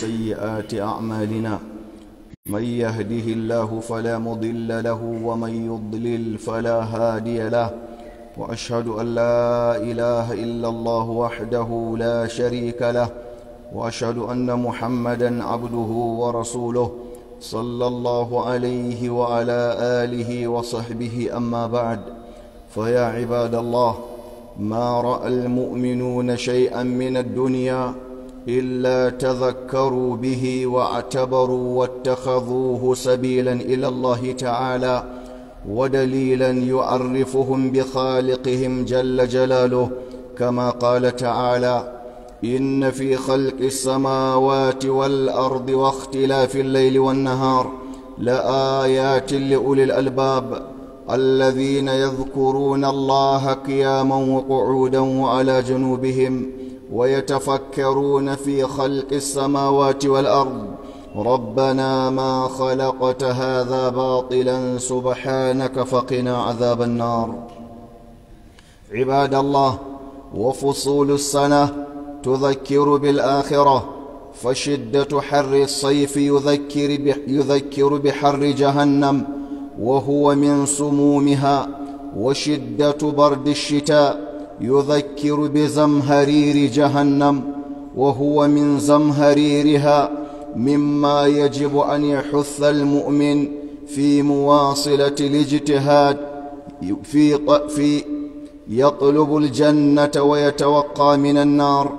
سيئات أعمالنا من يهده الله فلا مضل له ومن يضلل فلا هادي له وأشهد أن لا إله إلا الله وحده لا شريك له وأشهد أن محمدا عبده ورسوله صلى الله عليه وعلى آله وصحبه أما بعد فيا عباد الله ما رأى المؤمنون شيئا من الدنيا الا تذكروا به واعتبروا واتخذوه سبيلا الى الله تعالى ودليلا يعرفهم بخالقهم جل جلاله كما قال تعالى ان في خلق السماوات والارض واختلاف الليل والنهار لايات لاولي الالباب الذين يذكرون الله قياما وقعودا وعلى جنوبهم ويتفكرون في خلق السماوات والأرض ربنا ما خلقت هذا باطلا سبحانك فقنا عذاب النار عباد الله وفصول السنة تذكر بالآخرة فشدة حر الصيف يذكر يذكر بحر جهنم وهو من سمومها وشدة برد الشتاء يذكر بزمهرير جهنم وهو من زمهريرها مما يجب أن يحث المؤمن في مواصلة الاجتهاد في في يطلب الجنة ويتوقى من النار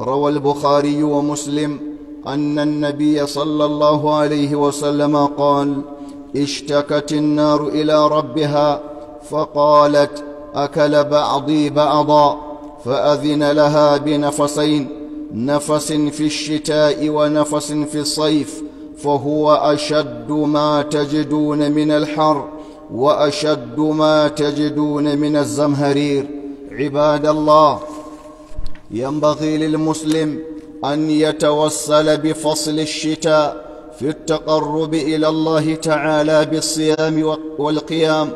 روى البخاري ومسلم أن النبي صلى الله عليه وسلم قال اشتكت النار إلى ربها فقالت أكل بعضي بعضا فأذن لها بنفسين نفس في الشتاء ونفس في الصيف فهو أشد ما تجدون من الحر وأشد ما تجدون من الزمهرير عباد الله ينبغي للمسلم أن يتوسل بفصل الشتاء في التقرب إلى الله تعالى بالصيام والقيام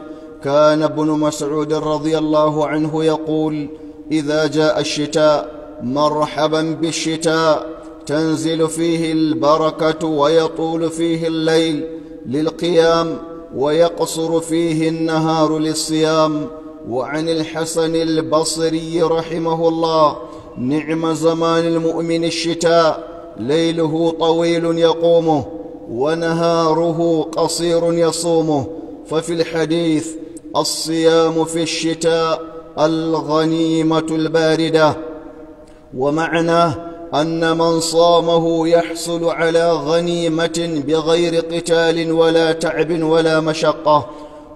كان ابن مسعود رضي الله عنه يقول اذا جاء الشتاء مرحبا بالشتاء تنزل فيه البركه ويطول فيه الليل للقيام ويقصر فيه النهار للصيام وعن الحسن البصري رحمه الله نعم زمان المؤمن الشتاء ليله طويل يقومه ونهاره قصير يصومه ففي الحديث الصيام في الشتاء الغنيمة الباردة ومعنى أن من صامه يحصل على غنيمة بغير قتال ولا تعب ولا مشقة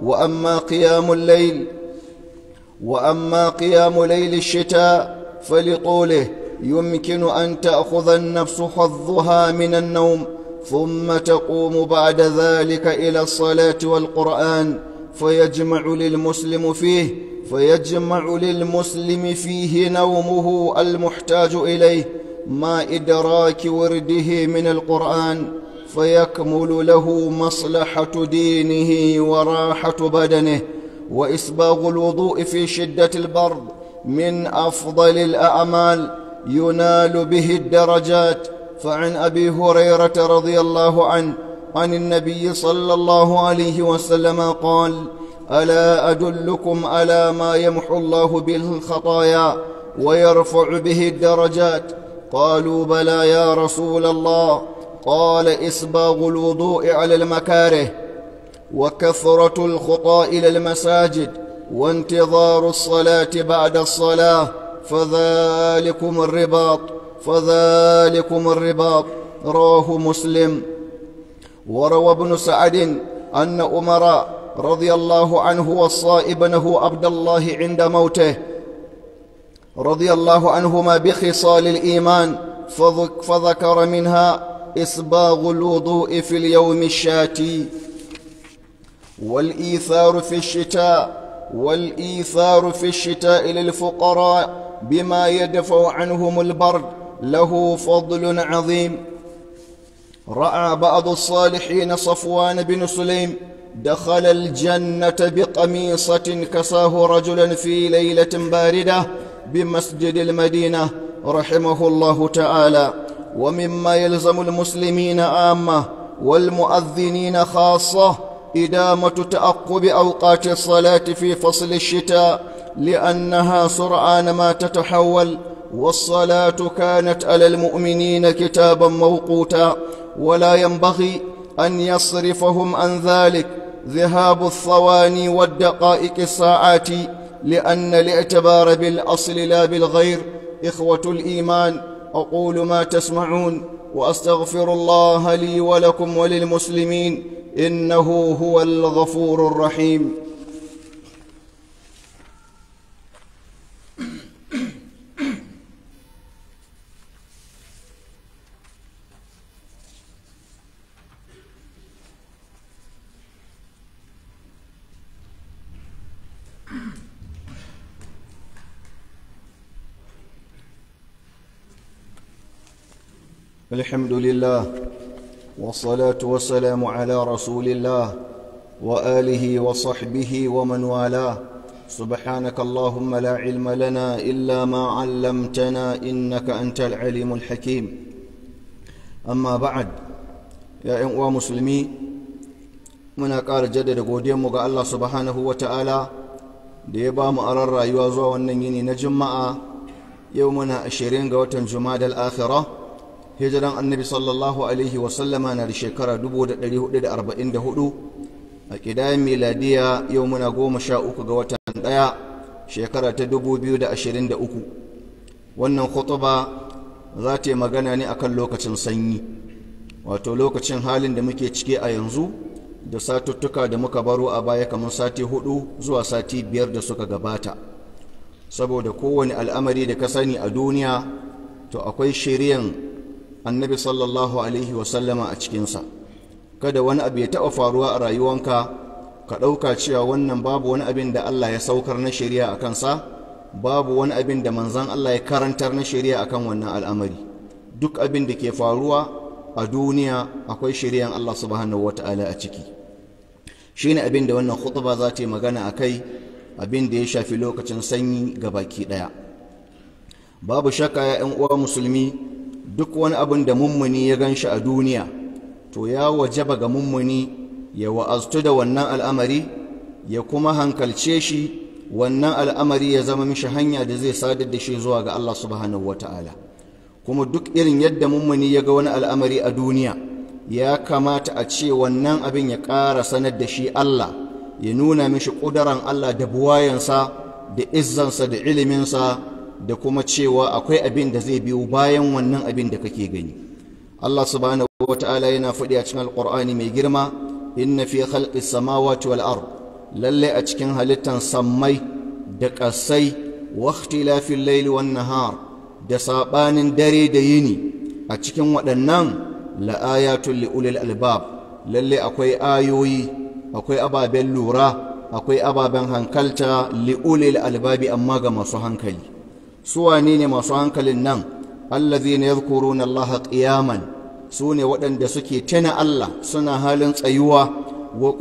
وأما قيام الليل وأما قيام ليل الشتاء فلطوله يمكن أن تأخذ النفس حظها من النوم ثم تقوم بعد ذلك إلى الصلاة والقرآن فيجمع للمسلم فيه فيجمع للمسلم فيه نومه المحتاج إليه ما إدراك ورده من القرآن فيكمل له مصلحة دينه وراحة بدنه وإسباغ الوضوء في شدة البرد من أفضل الأعمال ينال به الدرجات فعن أبي هريرة رضي الله عنه عن النبي صلى الله عليه وسلم قال ألا أدلكم على ما يمحو الله به الخطايا ويرفع به الدرجات قالوا بلى يا رسول الله قال إسباغ الوضوء على المكاره وكثرة الخطى إلى المساجد وانتظار الصلاة بعد الصلاة فذلكم الرباط فذلكم الرباط رواه مسلم وروى ابن سعد أن أمر رضي الله عنه وصى ابنه عبد الله عند موته رضي الله عنهما بخصال الإيمان فذكر منها إصباغ الوضوء في اليوم الشاتي والإيثار في الشتاء والإيثار في الشتاء للفقراء بما يدفع عنهم البرد له فضل عظيم راى بعض الصالحين صفوان بن سليم دخل الجنه بقميصه كساه رجل في ليله بارده بمسجد المدينه رحمه الله تعالى ومما يلزم المسلمين عامه والمؤذنين خاصه ادامه تاقب اوقات الصلاه في فصل الشتاء لانها سرعان ما تتحول والصلاه كانت على المؤمنين كتابا موقوتا ولا ينبغي أن يصرفهم عن ذلك ذهاب الثواني والدقائق الساعات لأن الاعتبار بالأصل لا بالغير إخوة الإيمان أقول ما تسمعون وأستغفر الله لي ولكم وللمسلمين إنه هو الغفور الرحيم الحمد لله والصلاة والسلام على رسول الله وآله وصحبه ومن والاه سبحانك اللهم لا علم لنا إلا ما علمتنا إنك أنت العليم الحكيم أما بعد يا أمة مسلمي muna ƙara jaddada godiyanmu ga Allah subhanahu wa ta'ala da ya ba mu aran rayuwa zuwa wannan yini na juma'a yau muna ashirin ga watan juma'a da al'akhirah hijiran annabi sallallahu alaihi wasallama na da shekara 1444 a ƙidayen miladiya yau muna goma sha uku ga watan ɗaya shekara ta 2023 wannan khutuba za ta yi magana ne akan lokacin sanyi wato lokacin halin da muke cike a yanzu da satuttuka da muka baro a baya kamar sati hudu zuwa sati biyar da suka gabata saboda kowane al'amari da ka sani a duniya to akwai shiriyan annabi sallallahu alaihi wasallama a cikinsa kada wani abu ya taɓa faruwa a rayuwanka ka ɗauka cewa wannan babu wani abin da Allah ya saukar na shari'a a kansa babu wani abin da manzan Allah ya karantar na shari'a a kan wannan al'amari duk abin da ke faruwa a duniya akwai shari'an Allah subhanahu wata'ala a ciki shi ne abin da wannan khutba za ta yi magana a kai abin da ya shafi lokacin sanyi ga baki ɗaya babu shakka ya 'yan uwa musulmi duk wani abin da mummuni ya gan shi a duniya to ya wajaba ga mummuni ya wa'aztu da wannan al'amari ya kuma hankalce shi wannan al'amari ya zama mishi hanya da zai sadar da shi zuwa ga Allah subhanahu wata'ala kuma duk irin yadda mummuni ya ga wani al'amari a duniya ya kamata a ce wannan abin ya ƙara sanar da shi Allah ya nuna mishi ƙudaran Allah da buwayensa da izzansa da iliminsa da kuma cewa akwai abin da zai biyo bayan wannan abin da kake gani Allah subhanahu wata'ala yana faɗi a cikin alqur'ani mai girma inna fi khalqis samawati wal ard lalle a cikin halittan sammai da ƙasai wa ikhtilafil layli wan nahar da saɓanin dare da yini a cikin waɗannan la ayatul li ulil albab lalle akwai ayoyi akwai ababen lura akwai ababen hankalta li ulil albabi amma ga masu hankali suwane ne masu hankalin nan Allah yadhkuruna allaha ƙiyaman su ne waɗanda suke tuna Allah suna halin tsayuwa wa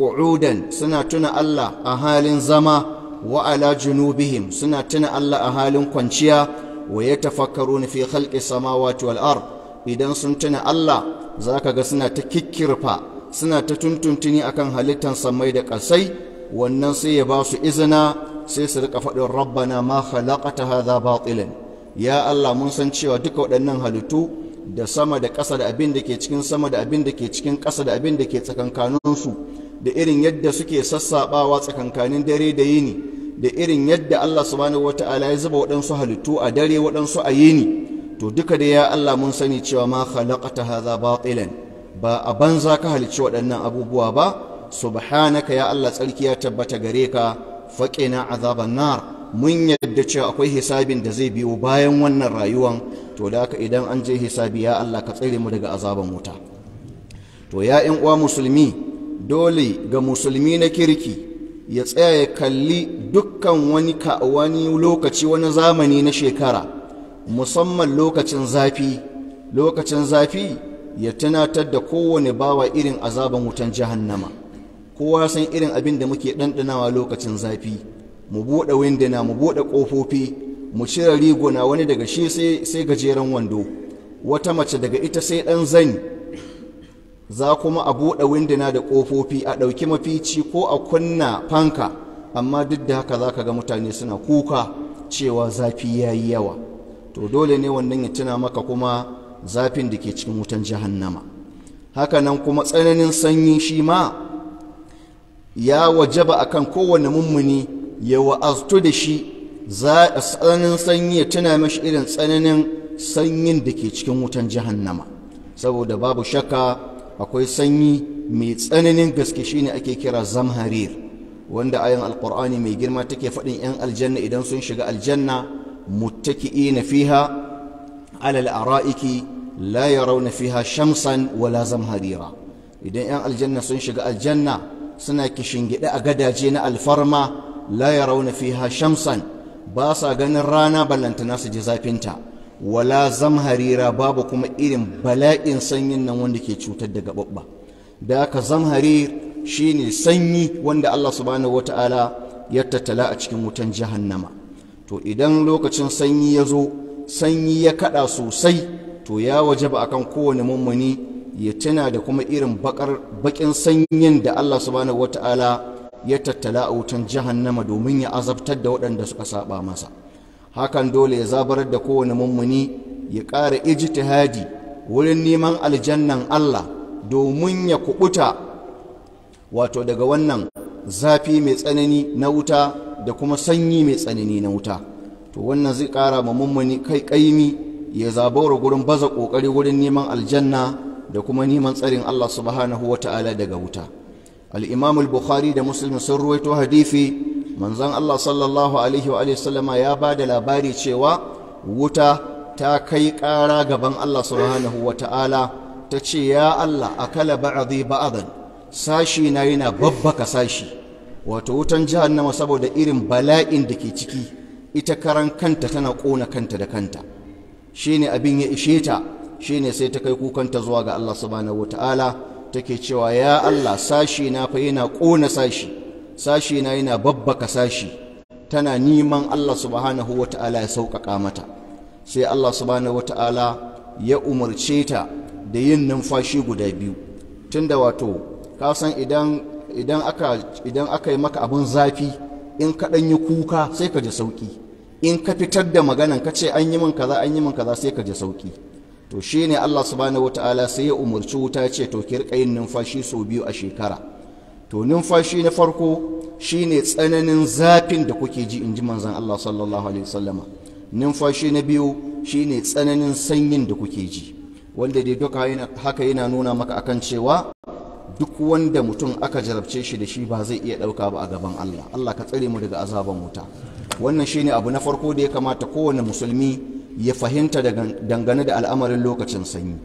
suna tuna Allah a halin zama wa ala junubihim suna tuna Allah a halin kwanciya wa ya yatafakkaruna fi khalqi samawati wal ard idan sun tuna Allah zaka ga suna ta kikkirfa suna ta tuntuntuni akan halittan samai da ƙasai wannan sai ya ba su izina sai su rika faɗin rabbana ma khalaqata hadha batilan ya Allah mun san cewa duka waɗannan halittu da sama da ƙasa da abin da ke cikin sama da abin da ke cikin ƙasa da abin da ke tsakankaninsu da irin yadda suke sassaɓawa tsakankanin dare da yini da irin yadda Allah subhanahu wata'ala ya zuba waɗansu halittu a dare waɗansu a yini to duka da ya Allah mun sani cewa ma khalaqata hadha batilan ba a banza ka halicci waɗannan abubuwa ba subhanaka ya Allah tsarki ya tabbata gare ka faƙina azaban nar mun yadda cewa akwai hisabin da zai biyo bayan wannan rayuwan to da aka idan an je hisabi ya Allah ka tsare mu daga azaban wuta to ya ƴan uwa musulmi dole ga musulmi na kirki ya tsaya ya kalli dukkan wani ka lokaci wani zamani na shekara musamman lokacin zafi lokacin zafi ya tunatar da kowane bawa irin azaban wutan jahannama kowa san irin abin da muke ɗanɗanawa lokacin zafi mu buɗe windina mu buɗe ƙofofi mu cire riguna wani daga shi sai gajeren wando wata mace daga ita sai ɗan zani za kuma a buɗe windina da ƙofofi a ɗauki mafici ko a kunna fanka amma duk da haka za ka ga mutane suna kuka cewa zafi ya yi yawa to dole ne wannan ya tuna maka kuma zafin da ke cikin wutan jahannama hakanan kuma tsananin sanyi shi ma ya wajaba kan kowane mummuni ya wa'aztu da shi za a tsananin sanyi ya tuna mashi irin tsananin sanyin da ke cikin wutan jahannama saboda babu shaka, akwai sanyi mai tsananin gaske shi ne ake kira zamharir wanda ayan alkur'ani mai girma take faɗin 'yan aljanna idan sun shiga aljanna na fiha alal ara'iki la rauna fiha shamsan wala zamharira idan 'yan aljanna sun shiga aljanna suna kishin kishingide a gadaje na alfarma la rauna fiha shamsan ba sa ganin rana ballantana su ji zafinta wala harira babu kuma irin bala'in sanyin nan wanda ke cutar da gababba da aka shi shine sanyi wanda Allah subhanahu wataala ya tattala a cikin wutan jahannama to idan lokacin sanyi ya zo sanyi ya kaɗa sosai to ya wajaba akan kowane mummuni ya tana da kuma irin bakin sanyin da Allah subhanahu wata'ala ya tattala a wutan jahannama domin ya azabtar da waɗanda suka saba masa hakan dole ya zabarar da kowane mummuni ya ƙara ijtihadi wurin neman aljannan Allah domin ya kubuta wato daga wannan zafi mai tsanani na wuta da kuma sanyi mai tsanani na wuta to wannan zai ƙara ma mummuni kai ƙaimi ya zabar wurin baza ƙoƙari wurin neman aljanna da kuma neman tsarin Allah subhanahu wa ta'ala daga wuta al bukhari da Musulmi sun ruwaito hadifi manzon Allah sallallahu alaihi wa sallama ya ba da labari cewa wuta ta kai ƙara gaban Allah subhanahu wa ta'ala ta ce ya Allah a kala ba'adhi ba'adan sashi na yana babbaka sashi wato wutan nama saboda irin bala'in da ke ciki ita karan kanta tana ƙona kanta da kanta Shi ne abin ya ishe ta shine sai ta kai kukanta zuwa ga Allah subhanahu wataala take cewa ya Allah sashi na fa yana kona sashi sashi na yana babbaka sashi tana neman Allah subhanahu wataala ya sauƙaƙa mata sai Allah subhanahu wataala ya umarce ta da yin numfashi guda biyu tunda wato ka san idan idan aka idan aka yi maka abin zafi in ka yi kuka sai ka ji sauƙi in ka fitar da maganan ka ce an yi min kaza an yi min kaza sai ka ji sauki to shi ne Allah subhanahu wataala sai ya umarci wuta ce to ki rika yin numfashi sau biyu a shekara to numfashi na farko shine tsananin zafin da kuke ji in ji manzan Allah sallallahu alaihi wasallama numfashi na biyu shine tsananin sanyin da kuke ji wanda dai duka haka yana nuna maka akan cewa duk wanda mutum aka jarabce shi da shi ba zai iya ɗauka ba a gaban Allah Allah ka tsare mu daga azaban wuta wannan shine abu na farko da ya kamata kowane musulmi ya fahimta dangane da al'amarin lokacin sanyi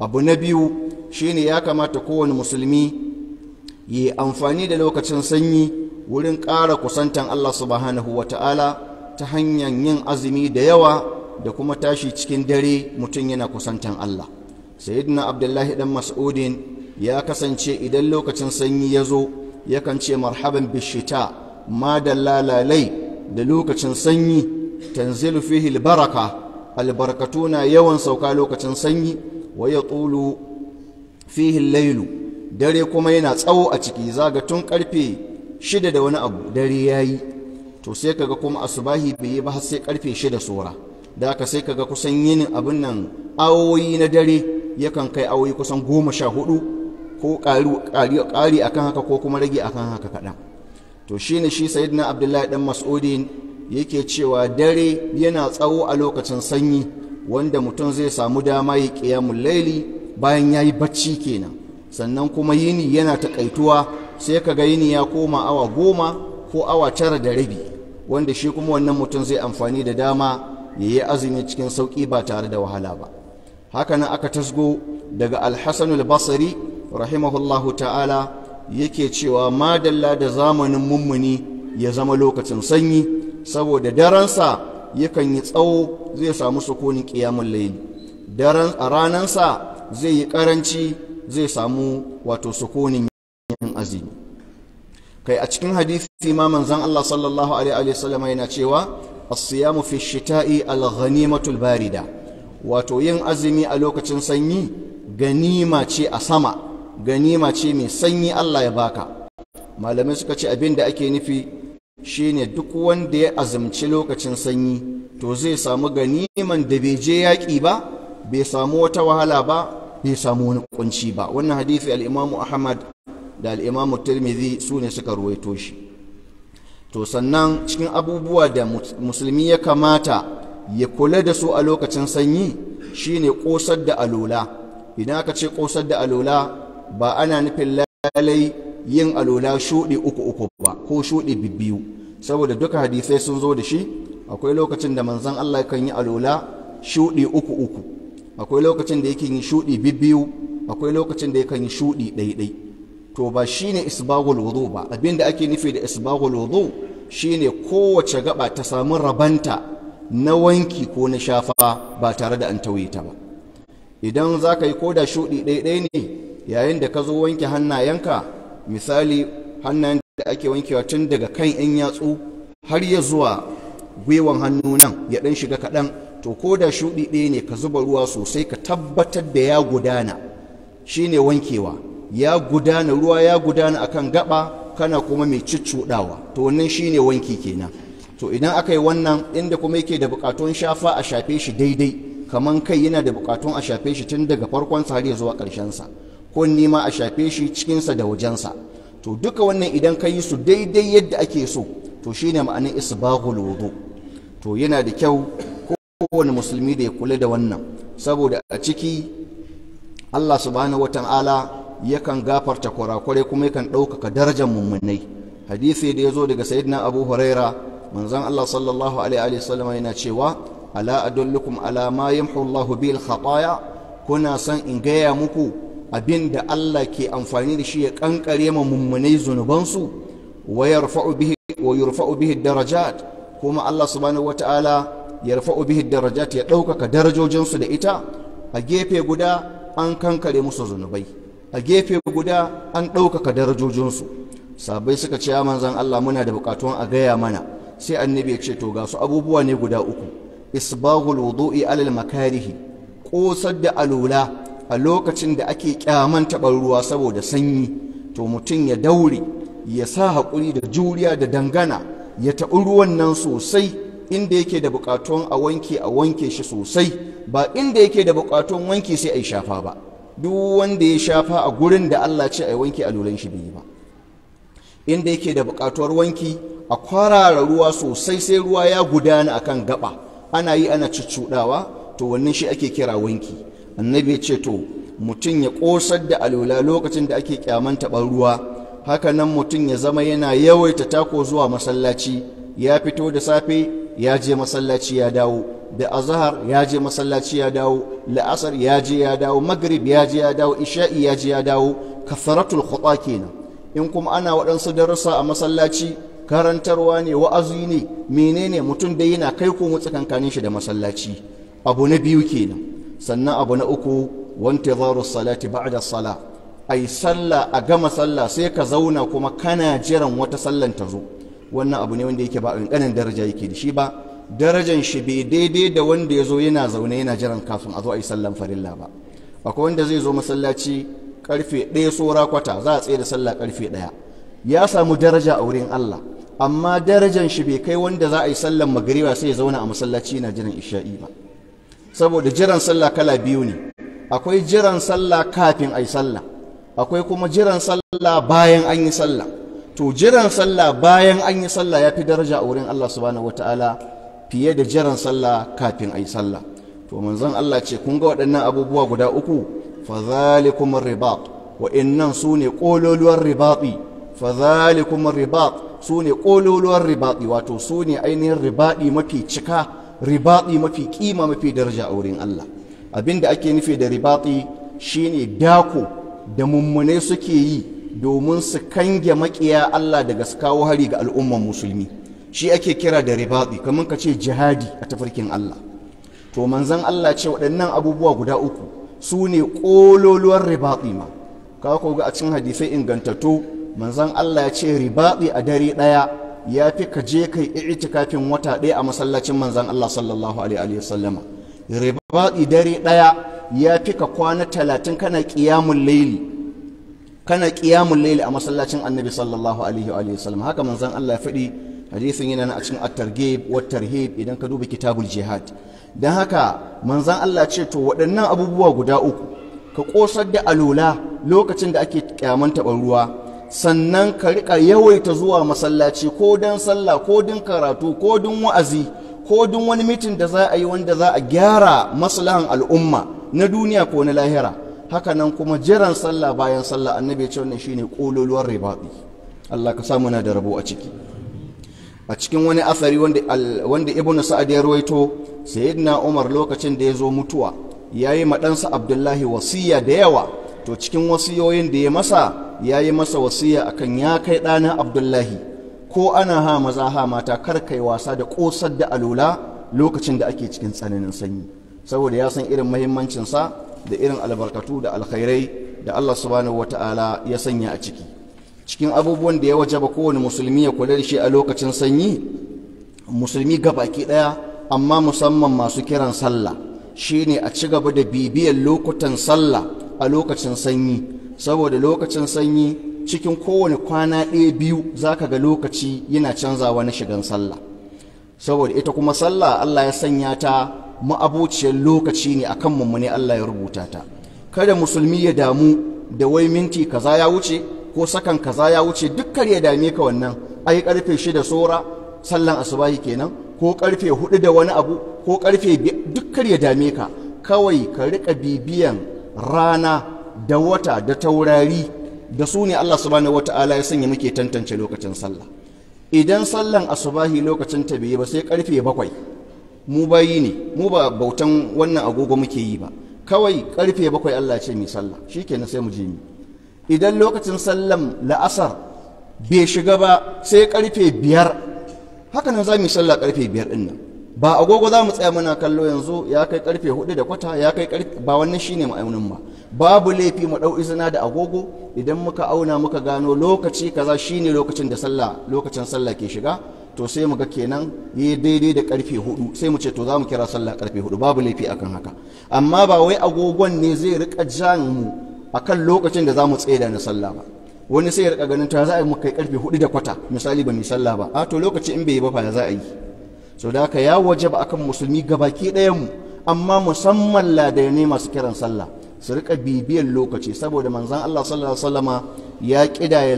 abu na biyu shine ya kamata kowane musulmi yi amfani da lokacin sanyi wurin ƙara kusantan Allah subhanahu wa ta'ala ta hanyar yin azumi da yawa da kuma tashi cikin dare mutum yana kusantan Allah sayyidina abdullahi dan mas'udin ya kasance idan lokacin sanyi ya zo yakan ce marhaban bishita ma da lalalai da lokacin sanyi tanzilu fihi baraka albarkatu na yawan sauka lokacin sanyi wa ya tsulu fihin lailu dare kuma yana tsawo a ciki zaga tun karfe shida da wani abu dare ya yi to sai kaga kuma asubahi bai yi ba har sai karfe shida sora da aka sai kaga kusan yinin abin nan awoyi na dare yakan kai awoyi kusan goma sha hudu ko ƙari akan haka ko kuma rage akan haka kaɗan to shi ne shi sayidina abdullahi dan mas'udin yake cewa dare yana tsawo a lokacin sanyi wanda mutum zai samu dama ya ƙiya laili bayan ya yi bacci kenan sannan kuma yini yana taƙaituwa sai ka ga yini ya koma awa goma ko awa tara da rabi wanda shi kuma wannan mutum zai amfani da dama ya yi azumi cikin sauƙi ba tare da wahala ba haka nan aka tasgo daga alhassanul albasari rahimahullahu ta'ala yake cewa madalla da zamanin mummuni ya zama lokacin sanyi saboda daransa yakan yi tsawo zai samu sukunin ƙiyamun laili daren a ranansa zai yi ƙaranci zai samu wato sukunin yin azumi kai a cikin hadisi ma zan Allah sallallahu alaihi wasallam yana cewa as-siyamu fi shita'i al-ghanimatul barida wato yin azumi a lokacin sanyi ganima ce a sama ganima ce mai sanyi Allah ya baka malamai suka ce abin da ake nufi shine duk wanda ya azumci lokacin sanyi to zai samu ganiman da bai je yaƙi ba bai samu wata wahala ba bai samu wani kunci ba wannan hadisi al Ahmad da al-Imam Tirmidhi su ne suka ruwaito shi to sannan cikin abubuwa da musulmi ya kamata ya kula da su a lokacin sanyi shine kosar da alola idan aka ce kosar da alola ba ana nufin lalai yin alola shuɗi uku uku ba ko shuɗi bibbiyu saboda duka hadisai sun zo da shi akwai lokacin da manzon Allah kan yi alola shuɗi uku uku akwai lokacin da yake yi shuɗi bibbiyu akwai lokacin da yakan yi shuɗi ɗaiɗai to ba shi ne isbaghul wudu ba Abin da ake nufi da isbaghul wudu ne kowace gaba ta samu rabanta na wanki ko na shafa ba tare da an tauye ta ba idan za ka yi koda shuɗi ɗaiɗai ne yayin da ka zo wanke hannayenka misali hannun da ake wankewa tun daga kan 'yan yatsu har ya zuwa gwiwan hannu nan ya ɗan shiga kaɗan to ko da shuɗi ɗaya ne ka zuba ruwa sosai ka tabbatar da ya gudana shi ne wankewa ya gudana ruwa ya gudana akan gaba kana kuma mai ciccuɗawa to wannan shi ne wanki kenan to idan aka yi wannan inda kuma yake da bukatun shafa a shafe shi daidai kamar kai yana da bukatun a shafe shi tun daga farkonsa har ya zuwa ƙarshensa ko nima a shafe shi cikinsa da wajensa to duka wannan idan ka yi su daidai yadda ake so to shi ne ma'anin isbaghul wudu to yana da kyau kowane musulmi da ya kula da wannan saboda a ciki Allah subhanahu ala yakan gafarta kurakurai kuma yakan ɗaukaka darajar mummunai hadisi da ya zo daga sayyidina abu huraira manzon Allah sallallahu alaihi wa sallam yana cewa ala adullukum ala ma yamhu kuna san in gaya muku abin da Allah ke amfani da shi ya kankare ma mummunai zunubansu wa yarfa'u bihi wa bihi darajat kuma Allah subhanahu wata'ala yarfa'u bihi darajat ya ɗaukaka darajojinsu da ita a gefe guda an kankare musu zunubai a gefe guda an ɗaukaka darajojinsu sabai suka ce ya manzan Allah muna da bukatun a gaya mana sai annabi ya ce to ga su abubuwa ne guda uku isbaghul wudu'i alal makarihi kosar da alula a lokacin da ake kyaman taɓar ruwa saboda sanyi to mutum ya daure ya sa haƙuri da juriya da dangana ya taɓi ruwan nan sosai inda yake da buƙatun a wanke a wanke shi sosai ba inda yake da buƙatun wanke sai a yi shafa ba duk wanda ya shafa a gurin da Allah ce a yi wanke a lulan shi bai yi ba inda yake da buƙatuwar wanki a kwarara ruwa sosai sai ruwa ya gudana akan gaba ana yi ana cuccuɗawa to wannan shi ake kira wanki annabi ya ce to mutum ya ƙosar da alola lokacin da ake kyaman ban ruwa hakanan mutum ya zama yana yawaita tako zuwa masallaci ya fito da safe ya je masallaci ya dawo da azahar ya je masallaci ya dawo la'asar ya je ya dawo magrib ya je ya dawo isha'i ya je ya dawo kafaratul khutsa kenan in kuma ana waɗansu darussa a masallaci karantarwa ne wa'azi ne menene mutum da yana kai komo tsakankanin shi da masallaci abu na biyu kenan sannan abu na uku wantizaru salati ba'da sala ai sallah a gama sallah sai ka zauna kuma kana jiran wata sallan ta zo wannan abu ne wanda yake ba ƙanƙanin daraja yake da shi ba darajan shi bai daidai da wanda ya zo yana zaune yana jiran kafin a zo a yi sallan farilla ba akwai wanda zai zo masallaci karfe ɗaya sora kwata za a tsaye da sallah karfe ɗaya ya samu daraja a wurin Allah amma darajan shi bai kai wanda za a yi sallan magariba sai ya zauna a masallaci yana jiran isha'i ba saboda jiran sallah kala biyu ne akwai jiran sallah kafin a yi sallah akwai kuma jiran sallah bayan an yi sallah to jiran sallah bayan an yi sallah ya fi daraja a wurin Allah subhanahu wataala fiye da jiran sallah kafin a yi sallah to manzon Allah ce kun ga waɗannan abubuwa guda uku fa zalikum ribat wa innan sune kololuwar ribati fa zalikum ribat sune kololuwar ribati wato sune ainihin ribadi mafi cika ribaɗi mafi ƙima mafi daraja a wurin Allah abin da ake nufi da ribaɗi shi ne dako da mummune suke yi domin su kange makiya Allah daga su kawo hari ga al'ummar musulmi shi ake kira da ribaɗi kamar ka ce jihadi a tafarkin Allah to manzan Allah ce waɗannan abubuwa guda uku su ne ƙololuwar ribaɗi ma kawo ga a cikin hadisai ingantattu manzan Allah ya ce ribaɗi a dare ɗaya ya fi ka je kai kafin wata ɗaya a masallacin manzan Allah sallallahu alaihi wa ribaɗi dare ɗaya ya fi ka kwana talatin kana ƙiyamun laili kana ƙiyamun laili a masallacin annabi sallallahu alaihi wa haka manzan Allah ya faɗi hadisin yana a cikin at-targhib wa idan ka duba kitabul jihad dan haka manzan Allah ce to waɗannan abubuwa guda uku ka ƙosar da alula lokacin da ake kyaman taɓar ruwa sannan ka riƙa yawaita zuwa masallaci ko don sallah ko don karatu ko don wa'azi ko don wani mitin da za a yi wanda za a gyara maslahan al'umma na duniya ko na lahira Haka nan kuma jiran sallah bayan sallah annabi ce wannan shine kololuwar ribaɗi Allah ka samu na da rabo a ciki a cikin wani asari wanda ibnu sa'ad ya ruwaito sayyidina umar lokacin da ya zo mutuwa yayi ma ɗansa abdullahi wasiya da yawa to cikin wasiyoyin da ya masa ya yi masa wasiya kan ya kai ɗana abdullahi ko ana ha maza ha mata kar kai wasa da ƙosar da alula lokacin da ake cikin tsananin sanyi saboda ya san irin mahimmancinsa da irin albarkatu da alkhairai da Allah subhanahu ta'ala ya sanya a ciki cikin abubuwan da ya waje wajaba kowane musulmi ya kula da shi a lokacin sanyi musulmi gabaki ɗaya amma musamman masu kiran sallah shine a ci gaba da bibiyar lokutan sallah a lokacin sanyi saboda lokacin sanyi cikin kowane kwana ɗaya biyu za ka ga lokaci yana canza wani shigan sallah saboda ita kuma sallah Allah ya sanya ta ma'abuciyar lokaci ne akan mummune Allah ya rubuta ta kada musulmi ya damu da wai minti kaza ya wuce ko sakan kaza ya wuce dukkan ya dame ka wannan ai karfe shida sora sallan asubahi kenan ko karfe hudu da wani abu ko karfe dukkan ya dame ka kawai ka rika bibiyan rana da wata da taurari da su ne Allah subhanahu wata'ala ya sanya muke tantance lokacin sallah idan sallan asubahi lokacin ta bai ba sai karfe bakwai mu bayi ne mu ba bautan wannan agogo muke yi ba kawai karfe bakwai Allah ce mai sallah shikenan sai mu je mu idan lokacin sallan la'asar bai shiga ba sai karfe biyar haka nan za mu yi sallah karfe biyar din nan ba agogo za mu tsaya muna kallo yanzu ya kai karfe hudu da kwata ya kai ba wannan shine ma'aunin ba babu laifi mu ɗau izina da agogo idan muka auna muka gano lokaci kaza shine lokacin da sallah lokacin sallah ke shiga to sai mu ga kenan yi daidai da karfe hudu sai mu ce to za mu kira sallah karfe hudu babu laifi akan haka amma ba wai agogon ne zai rika jan mu akan lokacin da za mu da na sallah ba wani sai ya rika ganin ta za a yi muka karfe hudu da kwata misali ba mu sallah ba a to lokaci in bai yi ba fa za a yi so da haka ya wajaba akan musulmi gabaki ɗayan mu amma musamman ne masu kiran sallah su rika bibiyan lokaci saboda manzan Allah sallallahu alaihi wasallama ya kidaya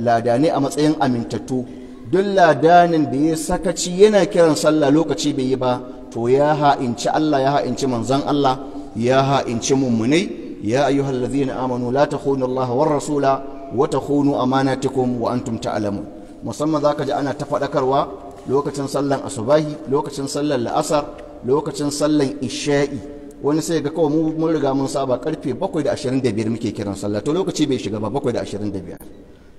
ladane a matsayin amintattu duk ladanin da ya sakaci yana kiran sallah lokaci bai yi ba to ya ha'inci Allah ya ha'inci manzan Allah ya ha'inci mummunai ya ayyuhallazina amanu la takhunu Allah war rasula wa takhunu amanatikum wa antum ta'lamun musamman zaka ji ana ta faɗakarwa lokacin sallan asubahi lokacin sallan la'asar lokacin sallan isha'i wani sai ga kawai mun riga mun saba karfe 7:25 muke kiran sallah to lokaci bai shiga ba 7:25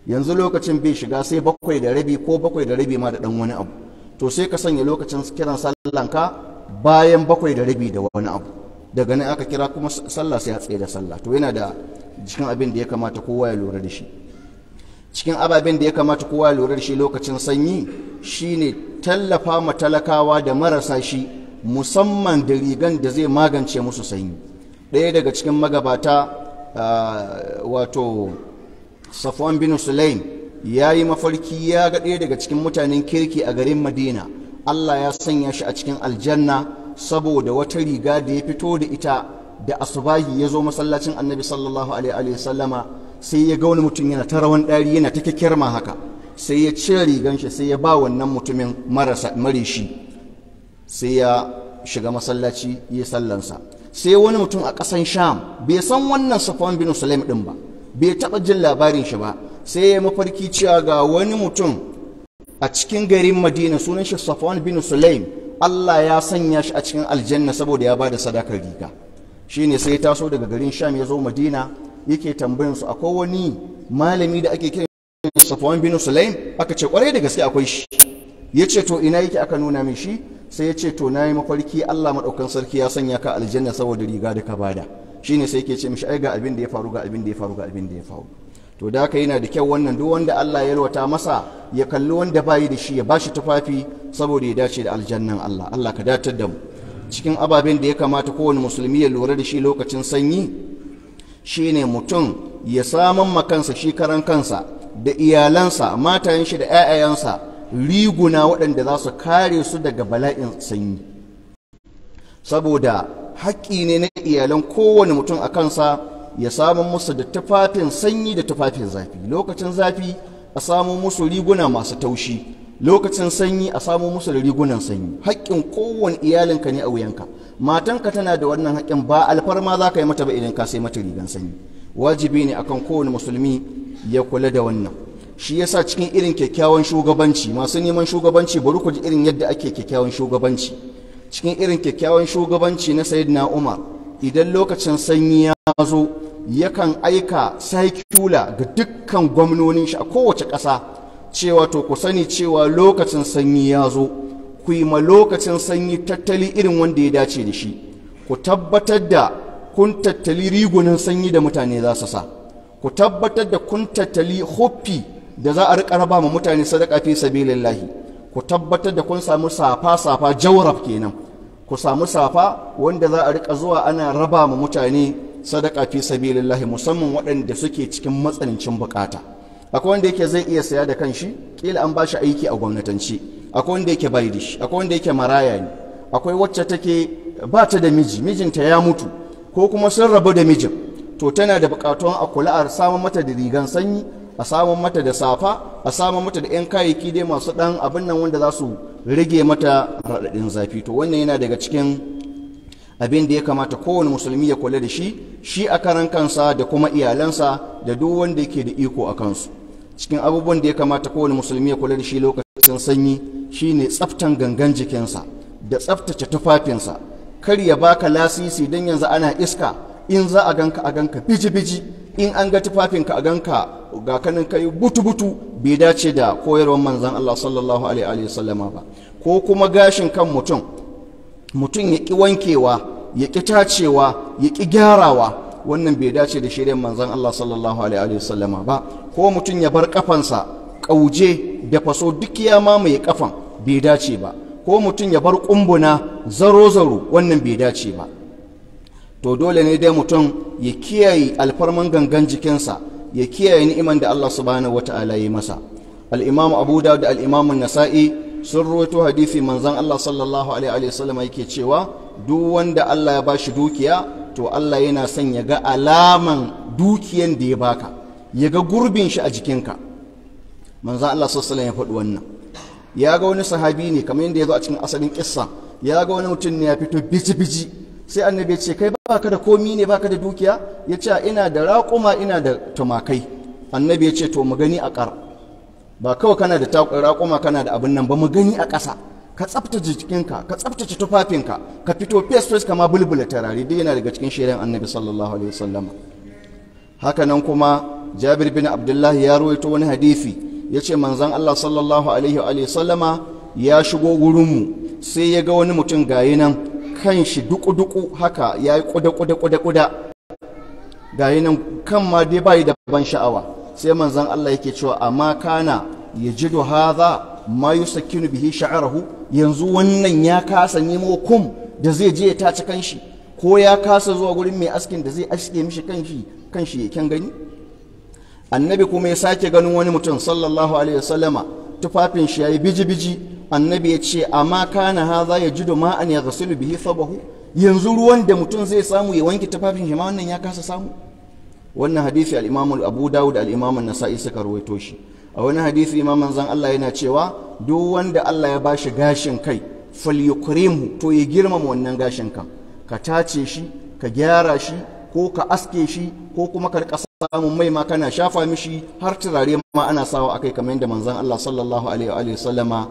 yanzu lokacin bai shiga sai 7:30 ko 7:30 ma da dan wani abu to sai ka sanya lokacin kiran sallan ka bayan 7:30 da wani abu daga nan aka kira kuma sallah sai ya tsaye da sallah to yana da cikin abin da ya kamata kowa ya lura da shi cikin ababen da ya kamata kowa ya lura da shi lokacin sanyi shine tallafa ma talakawa da marasa shi musamman da rigan da zai magance musu sanyi ɗaya daga cikin magabata ah, wato safwan bin sulaim ya yi mafarki ya ga ɗaya daga cikin mutanen kirki a garin madina allah ya sanya shi a cikin aljanna saboda wata riga da ya fito da ita da asubahi ya zo masallacin annabi sallallahu alaihi sallama sai ya ga wani mutum yana ta rawan ɗari yana ta kyakkyar ma haka sai ya cire rigan shi sai ya ba wannan mutumin mara shi sai ya shiga masallaci ya sallansa sai wani mutum a kasan sham bai san wannan safon bin sulaim din ba bai taɓa jin labarin shi ba sai ya mafarki cewa ga wani mutum a cikin garin madina sunan shi safon bin sulaim allah ya sanya shi a cikin aljanna saboda ya ba da sadakar riga shine sai ya taso daga garin sham ya zo madina yake tambayinsu akwai wani malami da ake kiran safon bin sulaim aka ce kwarai da gaske akwai shi ya ce to ina yake aka nuna min shi sai ya ce to na yi mafarki Allah maɗaukan sarki ya sanya ka aljanna saboda riga da ka bada shine sai yake ce mishi ai ga abin da ya faru ga abin da ya faru ga abin da ya faru to da haka yana da kyau wannan duk wanda Allah ya yalwata masa ya kalli wanda bayi da shi ya bashi tufafi saboda ya dace da aljannan Allah Allah ka datar da mu cikin ababen da ya kamata kowane musulmi ya lura da shi lokacin sanyi shine mutum ya saman makansa shi karan kansa da iyalansa matayen shi da 'ya'yansa riguna waɗanda za su kare su daga bala'in sanyi saboda haƙƙi ne na iyalan kowane mutum a kansa ya samu musu da tufafin sanyi da tufafin zafi lokacin zafi a samu musu riguna masu taushi lokacin sanyi a samu musu da rigunan sanyi haƙƙin kowane iyalinka ne a wuyanka matanka tana da wannan haƙƙin ba alfarma za ka yi mata ba idan ka sai mata rigan sanyi wajibi ne akan kowane musulmi ya kula da wannan shi yasa cikin irin kyakkyawan shugabanci masu neman shugabanci bari ku ji irin yadda ake kyakkyawan shugabanci cikin irin kyakkyawan shugabanci na sayyidina umar idan lokacin sanyi ya zo yakan aika saikula ga dukkan gwamnonin shi a kowace ƙasa cewa to ku sani cewa lokacin sanyi ya zo ku yi ma lokacin sanyi tattali irin wanda ya dace da shi ku tabbatar da kun tattali rigunan sanyi da mutane za su sa ku tabbatar da kun tattali hoppi da za a riƙa raba ma mutane sadaka fi sabilillahi ku tabbatar da kun samu safa safa jawarab kenan ku samu safa wanda za a riƙa zuwa ana raba ma mutane sadaka fi sabilillahi musamman waɗanda suke cikin matsanancin bukata akwai wanda yake zai iya saya da kanshi ƙila an bashi aiki a gwamnatanci akwai wanda yake bai akwai wanda yake maraya ne akwai wacce take ba ta da miji mijinta ya mutu ko kuma sun rabu da mijin to tana da bukatun a kula a samun mata da rigan sanyi a samun mata da safa a samun mata da 'yan kayayyaki dai masu ɗan abin nan wanda za su rage mata raɗaɗin zafi to wannan yana daga cikin abin da ya kamata kowane musulmi ya kula da shi shi a karan kansa da kuma iyalansa da duk wanda yake da iko a kansu cikin abubuwan da ya kamata kowane musulmi ya kula da shi lokacin sanyi shine tsaftan gangan jikinsa da tsaftace tufafinsa kar ya baka lasisi don yanzu ana iska in za a ganka a ganka biji-biji in an ga tufafinka a ganka ga kanin kai butu-butu bai dace da koyarwar manzan Allah sallallahu alaihi wasallama ba ko kuma gashin kan mutum mutum ya ƙi wankewa ya ƙi tacewa ya ki gyarawa wannan bai dace da shirin manzan Allah sallallahu alaihi wasallama ba ko mutum ya bar kafansa ƙauje da faso duk ya mamaye kafan bai dace ba ko mutum ya bar kumbuna zaro-zaro wannan bai dace ba to dole ne dai mutum ya kiyaye alfarman gangan jikinsa ya kiyaye ni'iman da Allah subhanahu ta'ala ya masa al-imam Abu Dawud da al-imam Nasa'i sun ruwaito hadisi manzon Allah sallallahu alaihi wa sallam yake cewa duk wanda Allah ya bashi dukiya to Allah yana son ya ga alaman dukiyan da ya baka ya ga gurbin shi a jikinka manzon Allah sallallahu alaihi wa sallam ya faɗi wannan ya ga wani sahabi ne kamar yadda ya zo a cikin asalin kissa ya ga wani mutum ne ya fito biji-biji sai annabi ya ce kai baka da komi ne baka da dukiya ya ce ina da raƙuma ina da tumakai annabi ya ce to mu gani a ƙar ba kawai kana da raƙuma kana da abin nan ba mu gani a ƙasa ka tsaftace jikinka ka tsaftace tufafinka ka fito face face kama bulbula tarare duk yana daga cikin shirin annabi sallallahu alaihi wasallam haka nan kuma jabir bin abdullahi ya rawaito wani hadisi ya ce manzon allah sallallahu alaihi wa ya shigo gurinmu sai ya ga wani mutum gayinan kan shi duku-duku haka ya yi kuda-kuda-kuda ga yi nan kan ma dai bayi da ban sha'awa sai manzan Allah yake cewa amma kana ya ji haza ma yi sakinu bihi sha'arahu yanzu wannan ya kasa nemo kum da zai je ya taci kan shi ko ya kasa zuwa gurin mai askin da zai aske mishi kan shi kan shi ya kyan gani annabi kuma ya sake ganin wani mutum sallallahu alaihi wasallama tufafin shi ya yi biji-biji annabi ya ce amma kana za ya judo ma an ya gasulu bihi sabahu yanzu ruwan da mutum zai samu ya wanke tufafin shi ma wannan ya kasa samu wannan hadisi al Abu Dawud al-Imam nasai suka rawaito shi a wani hadisi imam zan Allah yana cewa duk wanda Allah ya bashi gashin kai falyukrimhu to ya girmama wannan gashin kan ka tace shi ka gyara shi ko ka aske shi ko kuma ka rika samun mai ma kana shafa mishi har turare ma ana sawa akai kamar yadda manzon Allah sallallahu alaihi wa sallama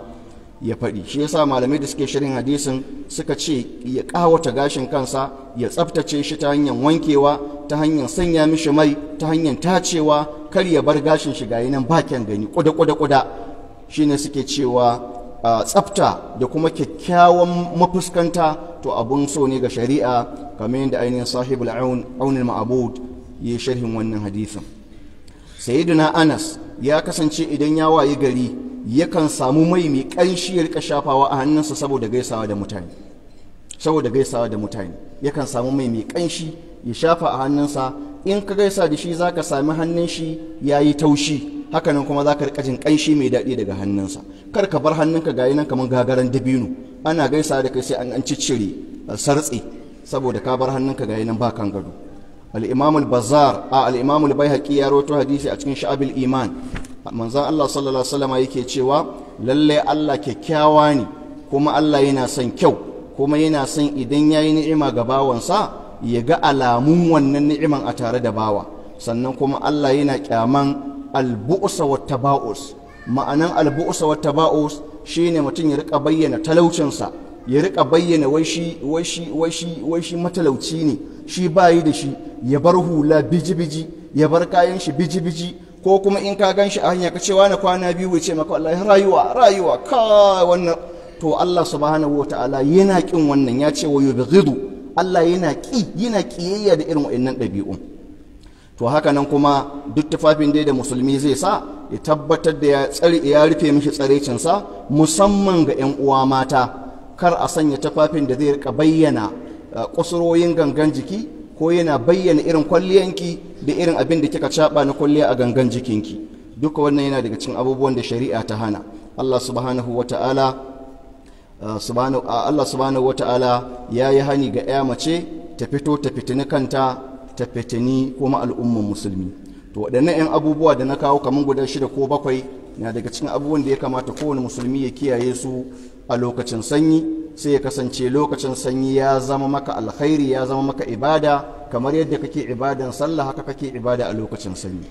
ya faɗi shi yasa malamai da suke shirin hadisin suka ce ya kawata gashin kansa ya tsaftace shi ta hanyar wankewa ta hanyar sanya mishi mai ta hanyar tacewa kar ya bar gashin shi gayi nan bakin gani kuda kuda kuda ne suke cewa tsafta da kuma kyakkyawan mafuskanta to abun so ne ga shari'a kamar yadda ainihin sahibul aunin ma'abud ya sharhin wannan hadisin sayyiduna anas ya kasance idan ya wayi gari yakan samu mai mai ƙanshi ya rika shafawa a hannunsa saboda gaisawa da mutane saboda gaisawa da mutane yakan samu mai mai ƙanshi ya shafa a hannunsa in ka gaisa da shi za ka sami hannun shi yi taushi hakanan kuma za ka rika jin ƙanshi mai daɗi daga hannunsa kar ka bar hannunka gayi nan kamar gagaran dabino ana gaisa da kai sai an an ciccire sartsi saboda ka bar hannunka gayi nan ba kan gado Al'imamul imam bazar a al'imamul imam al-baihaqi ya hadisi a cikin sha'abil iman manzon Allah sallallahu alaihi wasallam yake cewa lallai Allah kyakkyawa ne kuma Allah yana son kyau kuma yana son idan ya yi ni'ima ga bawansa ya ga alamun wannan ni'iman a tare da bawa sannan kuma Allah yana kyaman al-bu'sa wa taba'us ma'anan al-bu'sa wa taba'us shine mutum ya rika bayyana talaucinsa ya rika bayyana washi washi washi washi matalauci ne shi bayi da shi ya bar hula biji-biji ya bar kayan shi biji-biji ko kuma in ka gan shi a hanyar ka ce wani kwana biyu ya ce maka Allah rayuwa rayuwa ka wannan to Allah subhanahu wataala yana kin wannan ya ce wa yubghidu Allah yana ki yana kiyayya da irin wa'annan dabi'u to haka nan kuma duk tufafin dai da musulmi zai sa ya tabbatar da ya tsare ya rufe mishi sa musamman ga 'yan uwa mata kar a sanya tafafin da zai rika bayyana uh, kusurwoyin gangan jiki ko yana bayyana irin kwalliyanki da irin abin da kika caba na kwalliya a gangan jikinki duka wannan yana daga cikin abubuwan da shari'a ta hana Allah subhanahu wata'ala uh, uh, Allah ya yi hani ga ya mace ta fito ta fitini kanta ta fitini kuma al'umman musulmi to waɗannan 'yan abubuwa da na kawo kamar guda shida ko bakwai na daga cikin abubuwan da ya kamata kowane musulmi ya kiyaye su a lokacin sanyi sai ya kasance lokacin sanyi ya zama maka alkhairi ya zama maka ibada kamar yadda kake ibadan sallah haka kake ibada a lokacin sanyi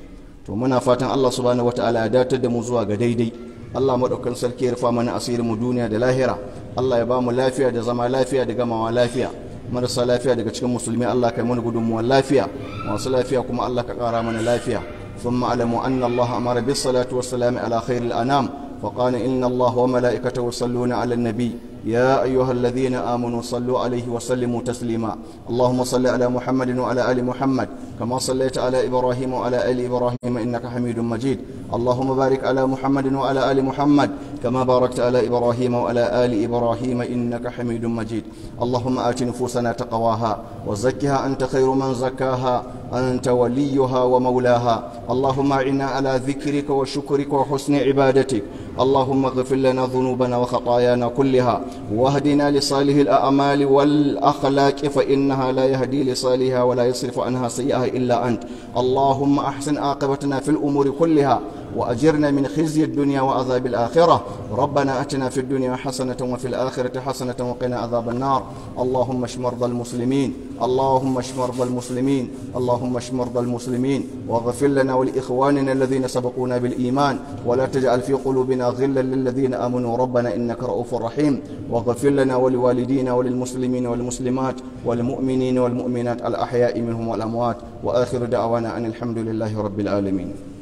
to muna fatan Allah subhanahu wataala ya datar da mu zuwa ga daidai Allah madaukan sarki ya rufa mana asirin mu duniya da lahira Allah ya ba mu lafiya da zama lafiya da gamawa lafiya marasa lafiya daga cikin musulmi Allah kai mana gudunmuwar lafiya masu lafiya kuma Allah ka kara mana lafiya ثم ألموا أن الله أمر بالصلاة والسلام على خير الأنام فقال إن الله وملائكته يصلون على النبي يا أيها الذين آمنوا صلوا عليه وسلموا تسليما اللهم صل على محمد وعلى آل محمد كما صليت على إبراهيم وعلى آل إبراهيم إنك حميد مجيد اللهم بارك على محمد وعلى آل محمد كما باركت على إبراهيم وعلى آل إبراهيم إنك حميد مجيد اللهم آت نفوسنا تقواها وزكها أنت خير من زكاها أنت وليها ومولاها اللهم أعنا على ذكرك وشكرك وحسن عبادتك اللهم اغفر لنا ذنوبنا وخطايانا كلها واهدنا لصالح الأعمال والأخلاق فإنها لا يهدي لصالحها ولا يصرف عنها سيئها إلا أنت اللهم أحسن عاقبتنا في الأمور كلها وأجرنا من خزي الدنيا وعذاب الآخرة ربنا أتنا في الدنيا حسنة وفي الآخرة حسنة وقنا عذاب النار اللهم اشف مرضى المسلمين اللهم اشف مرضى المسلمين اللهم اشف مرضى المسلمين واغفر لنا ولإخواننا الذين سبقونا بالإيمان ولا تجعل في قلوبنا غلا للذين آمنوا ربنا إنك رؤوف رحيم واغفر لنا ولوالدينا وللمسلمين والمسلمات والمؤمنين والمؤمنات الأحياء منهم والأموات وآخر دعوانا أن الحمد لله رب العالمين